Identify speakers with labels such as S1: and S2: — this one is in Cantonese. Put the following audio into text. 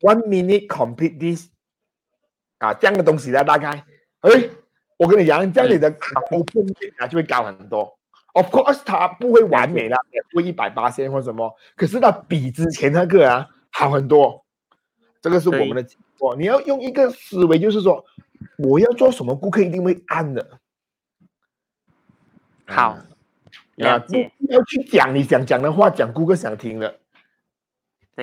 S1: One minute complete this，啊，這樣的東西咧，大概，誒，我跟你講，這樣你的客戶面啊就會高很多。Of course，它不會完美啦，對也不會一百巴仙或什麼，可是它比之前那個啊好很多。這個是我們的，我對你要用一個思維，就是說我要做什麼，顧客一定會按的。
S2: 好，要
S1: 要去講你想講的話，講顧客想聽的。
S2: 可